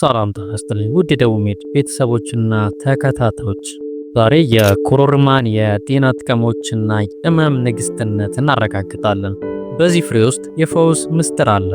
ሰላም ጤና ውድ የደቡብ ሜድ ቤተሰቦችና ተከታታዮች፣ ዛሬ የኮሮርማን የጤና ጥቅሞችና የህመም ንግስትነት እናረጋግጣለን። በዚህ ፍሬ ውስጥ የፈውስ ምስጢር አለ።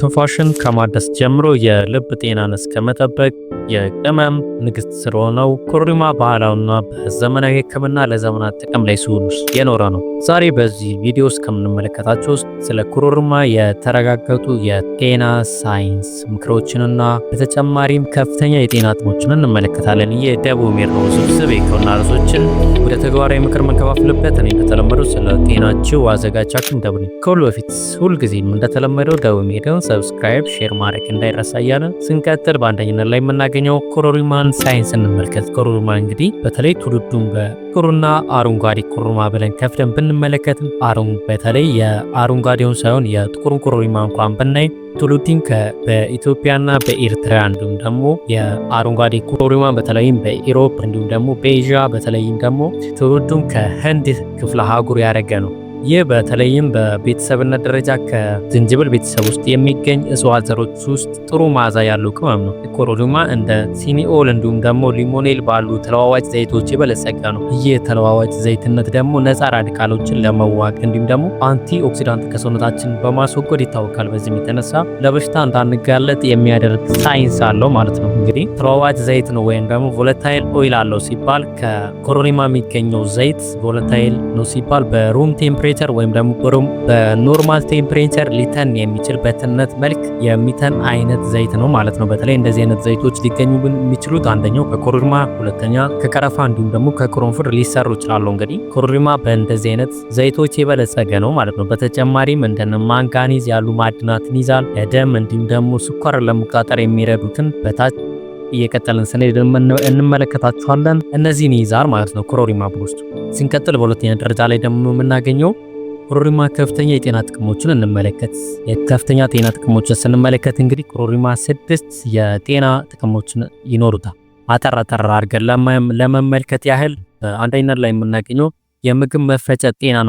ትንፋሽን ከማደስ ጀምሮ የልብ ጤናን እስከመጠበቅ የቅመም ንግስት ስለሆነው ኮረሪማ ባህላዊና በዘመናዊ ሕክምና ለዘመናት ጥቅም ላይ ሲውል የኖረ ነው። ዛሬ በዚህ ቪዲዮ ውስጥ ከምንመለከታቸው ውስጥ ስለ ኩሩርማ የተረጋገጡ የጤና ሳይንስ ምክሮችንና በተጨማሪም ከፍተኛ የጤና ጥቅሞችን እንመለከታለን። የደቡብ የደቡብ ነው ስብስብ የሕክምና ርዕሶችን ወደ ተግባራዊ ምክር መንከፋፍልበት እኔ እንደተለመደው ስለ ጤናችሁ አዘጋጃችን ደቡ። ከሁሉ በፊት ሁልጊዜም እንደተለመደው ደቡብ ሜርኖን ሰብስክራይብ፣ ሼር ማድረግ እንዳይረሳ እያለን ስንቀጥል በአንደኝነት ላይ የምናገኘው ኩሩርማን ሳይንስ እንመልከት። ኩሩርማ እንግዲህ በተለይ ትውልዱን በ ጥቁርና አረንጓዴ ኩርማ ብለን ከፍለን ብንመለከትም አሩን በተለይ የአረንጓዴውን ሳይሆን የጥቁሩን ኩርማ እንኳን ብናይ ቱሉቲን በኢትዮጵያና በኤርትራ እንዲሁም ደግሞ የአረንጓዴ ኩርማ በተለይም በኢሮፕ እንዲሁም ደግሞ በኤዥያ በተለይም ደግሞ ትውልዱም ከህንድ ክፍለ አህጉር ያደረገ ነው። ይህ በተለይም በቤተሰብነት ደረጃ ከዝንጅብል ቤተሰብ ውስጥ የሚገኝ እጽዋት ዘሮች ውስጥ ጥሩ መዓዛ ያለው ቅመም ነው። ኮሮሪማ እንደ ሲኒኦል እንዲሁም ደግሞ ሊሞኔል ባሉ ተለዋዋጭ ዘይቶች የበለጸገ ነው። ይህ ተለዋዋጭ ዘይትነት ደግሞ ነፃ ራዲካሎችን ለመዋቅ እንዲሁም ደግሞ አንቲ ኦክሲዳንት ከሰውነታችን በማስወገድ ይታወቃል። በዚህም የተነሳ ለበሽታ እንዳንጋለጥ የሚያደርግ ሳይንስ አለው ማለት ነው። እንግዲህ ተለዋዋጭ ዘይት ነው ወይም ደግሞ ቮለታይል ኦይል አለው ሲባል ከኮሮሪማ የሚገኘው ዘይት ቮለታይል ነው ሲባል በሩም ቴምፕሬ ቴምፕሬቸር ወይም ደግሞ በኖርማል ቴምፕሬቸር ሊተን የሚችል በትነት መልክ የሚተን አይነት ዘይት ነው ማለት ነው። በተለይ እንደዚህ አይነት ዘይቶች ሊገኙ የሚችሉት አንደኛው ከኮረሪማ፣ ሁለተኛ ከቀረፋ እንዲሁም ደግሞ ከቅርንፉድ ሊሰሩ ይችላሉ። እንግዲህ ኮረሪማ በእንደዚህ አይነት ዘይቶች የበለጸገ ነው ማለት ነው። በተጨማሪም እንደነ ማንጋኒዝ ያሉ ማዕድናትን ይዛል። ደም እንዲሁም ደግሞ ስኳር ለመቆጣጠር የሚረዱትን በታች እየቀጠልን ስንሄድ እንመለከታችኋለን። እነዚህን ይዛር ማለት ነው ኮሮሪማ ብሮስቱ። ስንቀጥል በሁለተኛ ደረጃ ላይ ደግሞ የምናገኘው ኮሮሪማ ከፍተኛ የጤና ጥቅሞችን እንመለከት። የከፍተኛ ጤና ጥቅሞችን ስንመለከት እንግዲህ ኮሮሪማ ስድስት የጤና ጥቅሞችን ይኖሩታል። አጠር አጠር አድርገን ለመመልከት ያህል አንደኛ ላይ የምናገኘው የምግብ መፈጨት ጤናን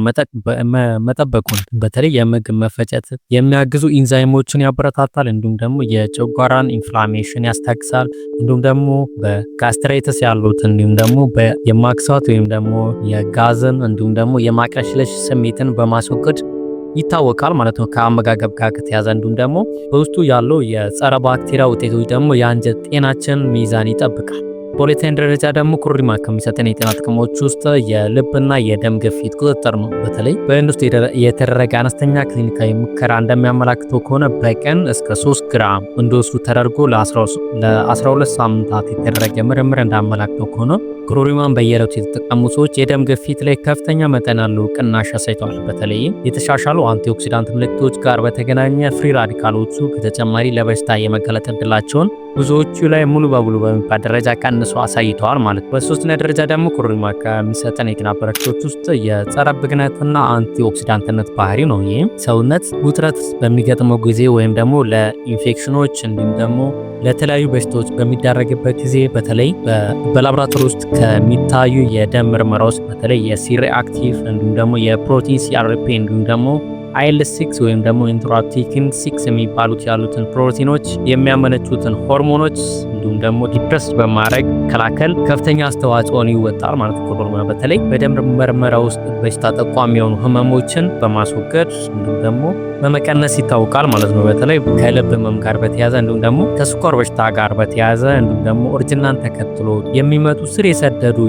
መጠበቁን በተለይ የምግብ መፈጨት የሚያግዙ ኢንዛይሞችን ያበረታታል። እንዲሁም ደግሞ የጨጓራን ኢንፍላሜሽን ያስታግሳል። እንዲሁም ደግሞ በጋስትሬትስ ያሉት እንዲሁም ደግሞ የማክሳት ወይም ደግሞ የጋዝን እንዲሁም ደግሞ የማቅለሽለሽ ስሜትን በማስወገድ ይታወቃል ማለት ነው። ከአመጋገብ ጋር ከተያዘ እንዲሁም ደግሞ በውስጡ ያለው የጸረ ባክቴሪያ ውጤቶች ደግሞ የአንጀት ጤናችን ሚዛን ይጠብቃል። በሁለተኛ ደረጃ ደግሞ ኩሪማክ ከሚሰጠን የጤና ጥቅሞች ውስጥ የልብና የደም ግፊት ቁጥጥር ነው። በተለይ በህንድ የተደረገ አነስተኛ ክሊኒካዊ ሙከራ እንደሚያመላክተው ከሆነ በቀን እስከ 3 ግራም እንዲወስዱ ተደርጎ ለ12 ሳምንታት የተደረገ ምርምር እንዳመላክተው ከሆነ ግሩሪማን በየዕለቱ የተጠቀሙ ሰዎች የደም ግፊት ላይ ከፍተኛ መጠን ያለው ቅናሽ አሳይተዋል። በተለይም የተሻሻሉ አንቲኦክሲዳንት ምልክቶች ጋር በተገናኘ ፍሪ ራዲካሎቹ ከተጨማሪ ለበሽታ የመጋለጥ እድላቸውን ብዙዎቹ ላይ ሙሉ በሙሉ በሚባል ደረጃ ቀንሶ አሳይተዋል ማለት ነው። በሶስተኛ ደረጃ ደግሞ ኩሩሪማ ከሚሰጠን የጤና በረከቶች ውስጥ የጸረ ብግነትና አንቲኦክሲዳንትነት ባህሪ ነው። ይህም ሰውነት ውጥረት በሚገጥመው ጊዜ ወይም ደግሞ ለኢንፌክሽኖች እንዲሁም ደግሞ ለተለያዩ በሽታዎች በሚዳረግበት ጊዜ በተለይ በላብራቶሪ ውስጥ ከሚታዩ የደም ምርመራዎች በተለይ የሲሪአክቲቭ እንዲሁም ደግሞ የፕሮቲን ሲአርፒ እንዲሁም ደግሞ አይል ሲክስ ወይም ደግሞ ኢንተሮፕቲኪን ሲክስ የሚባሉት ያሉትን ፕሮቲኖች የሚያመነጩትን ሆርሞኖች እንዲሁም ደግሞ ዲፕረስ በማድረግ ከላከል ከፍተኛ አስተዋጽኦን ይወጣል ማለት ኮሮና በተለይ በደም ምርመራ ውስጥ በሽታ ጠቋሚ የሆኑ ህመሞችን በማስወገድ እንዲሁም ደግሞ በመቀነስ ይታወቃል ማለት ነው። በተለይ ከልብ ህመም ጋር በተያዘ እንዲሁም ደግሞ ከስኳር በሽታ ጋር በተያዘ እንዲሁም ደግሞ እርጅናን ተከትሎ የሚመጡ ስር የሰደዱ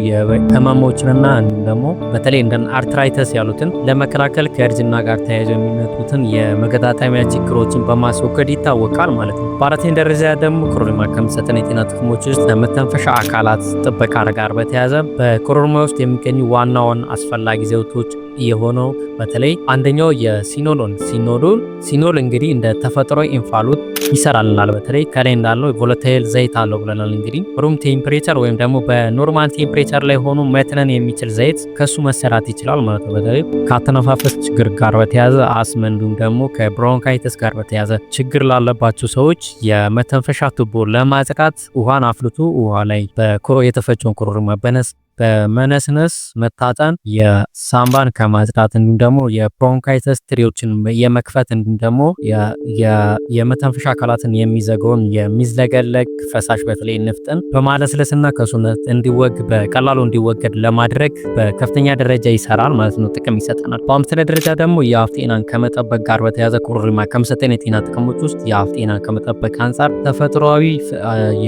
ህመሞችንና እንዲሁም ደግሞ በተለይ እንደ አርትራይተስ ያሉትን ለመከላከል ከእርጅና ጋር ተያይዘው የሚመጡትን የመገጣጠሚያ ችግሮችን በማስወገድ ይታወቃል ማለት ነው። በአራተኛ ደረጃ ደግሞ ኮሮና ከሚሰጠን የጤና ጥቅሞች ውስጥ ከመተንፈሻ አካላት ጥበቃ ጋር በተያያዘ በኮሮና ውስጥ የሚገኙ ዋናውን አስፈላጊ ዘውቶች የሆነው በተለይ አንደኛው የሲኖሎን ሲኖዶን ሲኖል እንግዲህ እንደ ተፈጥሮ እንፋሎት ይሰራልናል። በተለይ ከላይ እንዳለው ቮለታይል ዘይት አለው ብለናል። እንግዲህ ሩም ቴምፕሬቸር ወይም ደግሞ በኖርማል ቴምፕሬቸር ላይ ሆኖ መትነን የሚችል ዘይት ከሱ መሰራት ይችላል ማለት ነው። በተለይ ከአተነፋፈስ ችግር ጋር በተያዘ አስም፣ እንዲሁም ደግሞ ከብሮንካይተስ ጋር በተያዘ ችግር ላለባቸው ሰዎች የመተንፈሻ ቱቦ ለማጽቃት ውሃን አፍልቶ ውሃ ላይ የተፈጨውን ኮረሪማ በነስ በመነስነስ መታጠን የሳምባን ከማጽዳት እንዲሁም ደግሞ የብሮንካይተስ ትሪዎችን የመክፈት እንዲሁም ደግሞ የመተንፈሻ አካላትን የሚዘገውን የሚዝለገለግ ፈሳሽ በተለይ ንፍጥን በማለስለስና ከሱነት እንዲወግ በቀላሉ እንዲወገድ ለማድረግ በከፍተኛ ደረጃ ይሰራል ማለት ነው፣ ጥቅም ይሰጠናል። በአምስተኛ ደረጃ ደግሞ የአፍ ጤናን ከመጠበቅ ጋር በተያዘ ኮሮሪማ ከምሰጠን የጤና ጥቅሞች ውስጥ የአፍ ጤናን ከመጠበቅ አንጻር ተፈጥሯዊ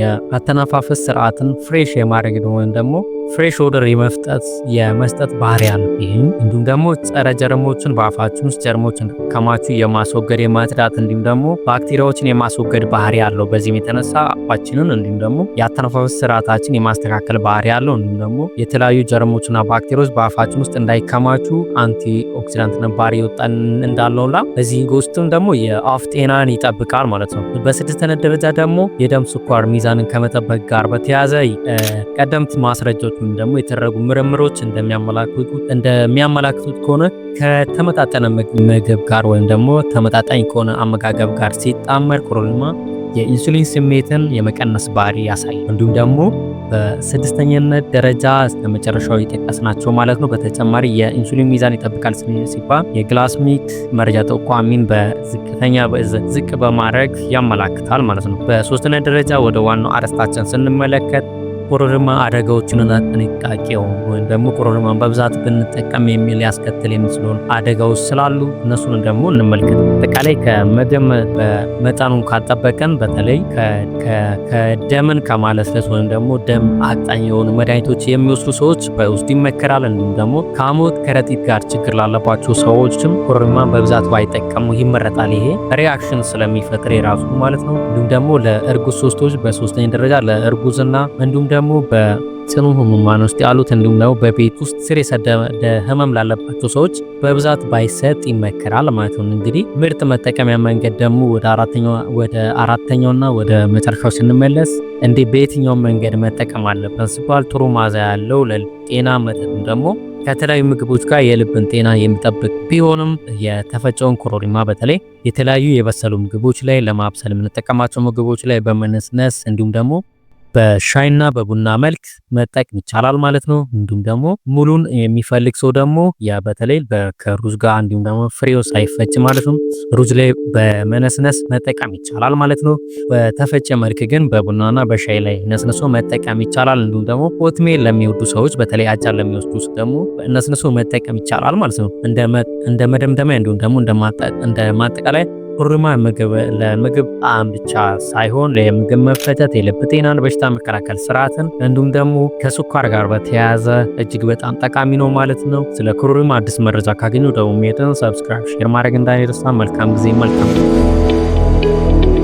የአተነፋፈስ ስርዓትን ፍሬሽ የማድረግ ወይም ደግሞ ፍሬሽ ወደር የመፍጠት የመስጠት ባህሪ ያለው ይህም እንዲሁም ደግሞ ጸረ ጀርሞችን በአፋችን ውስጥ ጀርሞችን ከማቹ የማስወገድ የማጽዳት እንዲሁም ደግሞ ባክቴሪያዎችን የማስወገድ ባህሪ አለው። በዚህም የተነሳ አፋችንን እንዲሁም ደግሞ የአተነፋፈስ ስርዓታችን የማስተካከል ባህሪ አለው። እንዲሁም ደግሞ የተለያዩ ጀርሞችና ባክቴሪያዎች በአፋችን ውስጥ እንዳይከማቹ አንቲ ኦክሲዳንት ባህሪ ይወጣል እንዳለውላ በዚህ ውስጥም ደግሞ የአፍ ጤናን ይጠብቃል ማለት ነው። በስድስተኛ ደረጃ ደግሞ የደም ስኳር ሚዛንን ከመጠበቅ ጋር በተያያዘ ቀደምት ማስረጃዎች ወይም ደግሞ የተደረጉ ምርምሮች እንደሚያመላክቱት ከሆነ ከተመጣጠነ ምግብ ጋር ወይም ደግሞ ተመጣጣኝ ከሆነ አመጋገብ ጋር ሲጣመር ኮረሪማ የኢንሱሊን ስሜትን የመቀነስ ባህሪ ያሳያል። እንዲሁም ደግሞ በስድስተኛነት ደረጃ እስከ መጨረሻው ናቸው ማለት ነው። በተጨማሪ የኢንሱሊን ሚዛን ይጠብቃል ሲባል የግላስሚክ መረጃ ጠቋሚን በዝቅተኛ ዝቅ በማድረግ ያመላክታል ማለት ነው። በሶስተኛ ደረጃ ወደ ዋናው አረስታችን ስንመለከት ኮሮሪማ አደጋዎችንና ጥንቃቄው ወይም ደግሞ ኮሮሪማን በብዛት ብንጠቀም የሚል ያስከትል የሚችለውን አደጋዎች ስላሉ እነሱን ደግሞ እንመልከት። አጠቃላይ ከመደም መጠኑን ካልጠበቀን በተለይ ከደምን ከማለስለስ ወይም ደግሞ ደም አጣኝ የሆኑ መድኃኒቶች የሚወስዱ ሰዎች በውስጥ ይመከራል። እንዲሁም ደግሞ ከሐሞት ከረጢት ጋር ችግር ላለባቸው ሰዎችም ኮሮሪማን በብዛት ባይጠቀሙ ይመረጣል። ይሄ ሪያክሽን ስለሚፈጥር የራሱ ማለት ነው። እንዲሁም ደግሞ ለእርጉዝ ሶስቶች በሶስተኛ ደረጃ ለእርጉዝና እንዲሁም ደግሞ በጽኑ ህሙማን ውስጥ ያሉት እንዲሁም ደግሞ በቤት ውስጥ ስር የሰደደ ህመም ላለባቸው ሰዎች በብዛት ባይሰጥ ይመከራል ማለት ነው። እንግዲህ ምርጥ መጠቀሚያ መንገድ ደግሞ ወደ አራተኛውና ወደ መጨረሻው ስንመለስ እንዴ በየትኛው መንገድ መጠቀም አለበት ሲባል ጥሩ ማዛ ያለው ለጤና መጠጥም ደግሞ ከተለያዩ ምግቦች ጋር የልብን ጤና የሚጠብቅ ቢሆንም የተፈጨውን ኮሮሪማ በተለይ የተለያዩ የበሰሉ ምግቦች ላይ ለማብሰል የምንጠቀማቸው ምግቦች ላይ በመነስነስ እንዲሁም ደግሞ በሻይና በቡና መልክ መጠቀም ይቻላል ማለት ነው። እንዲሁም ደግሞ ሙሉን የሚፈልግ ሰው ደግሞ ያ በተለይ ከሩዝ ጋር እንዲሁም ደግሞ ፍሬው ሳይፈጭ ማለት ነው ሩዝ ላይ በመነስነስ መጠቀም ይቻላል ማለት ነው። በተፈጨ መልክ ግን በቡናና በሻይ ላይ ነስነሶ መጠቀም ይቻላል። እንዲሁም ደግሞ ኦትሜል ለሚወዱ ሰዎች በተለይ አጃ ለሚወስዱ ደግሞ ነስነሶ መጠቀም ይቻላል ማለት ነው። እንደ መደምደሚያ እንዲሁም ደግሞ እንደ ማጠቃላይ ኩርማ ለምግብ ጣዕም ብቻ ሳይሆን ለምግብ መፈጨት፣ የልብ ጤናን፣ በሽታ መከላከል ስርዓትን እንዲሁም ደግሞ ከስኳር ጋር በተያያዘ እጅግ በጣም ጠቃሚ ነው ማለት ነው። ስለ ኩርማ አዲስ መረጃ ካገኙ ደግሞ ሜትን ሰብስክራይብ፣ ሼር ማድረግ እንዳይረሳ። መልካም ጊዜ መልካም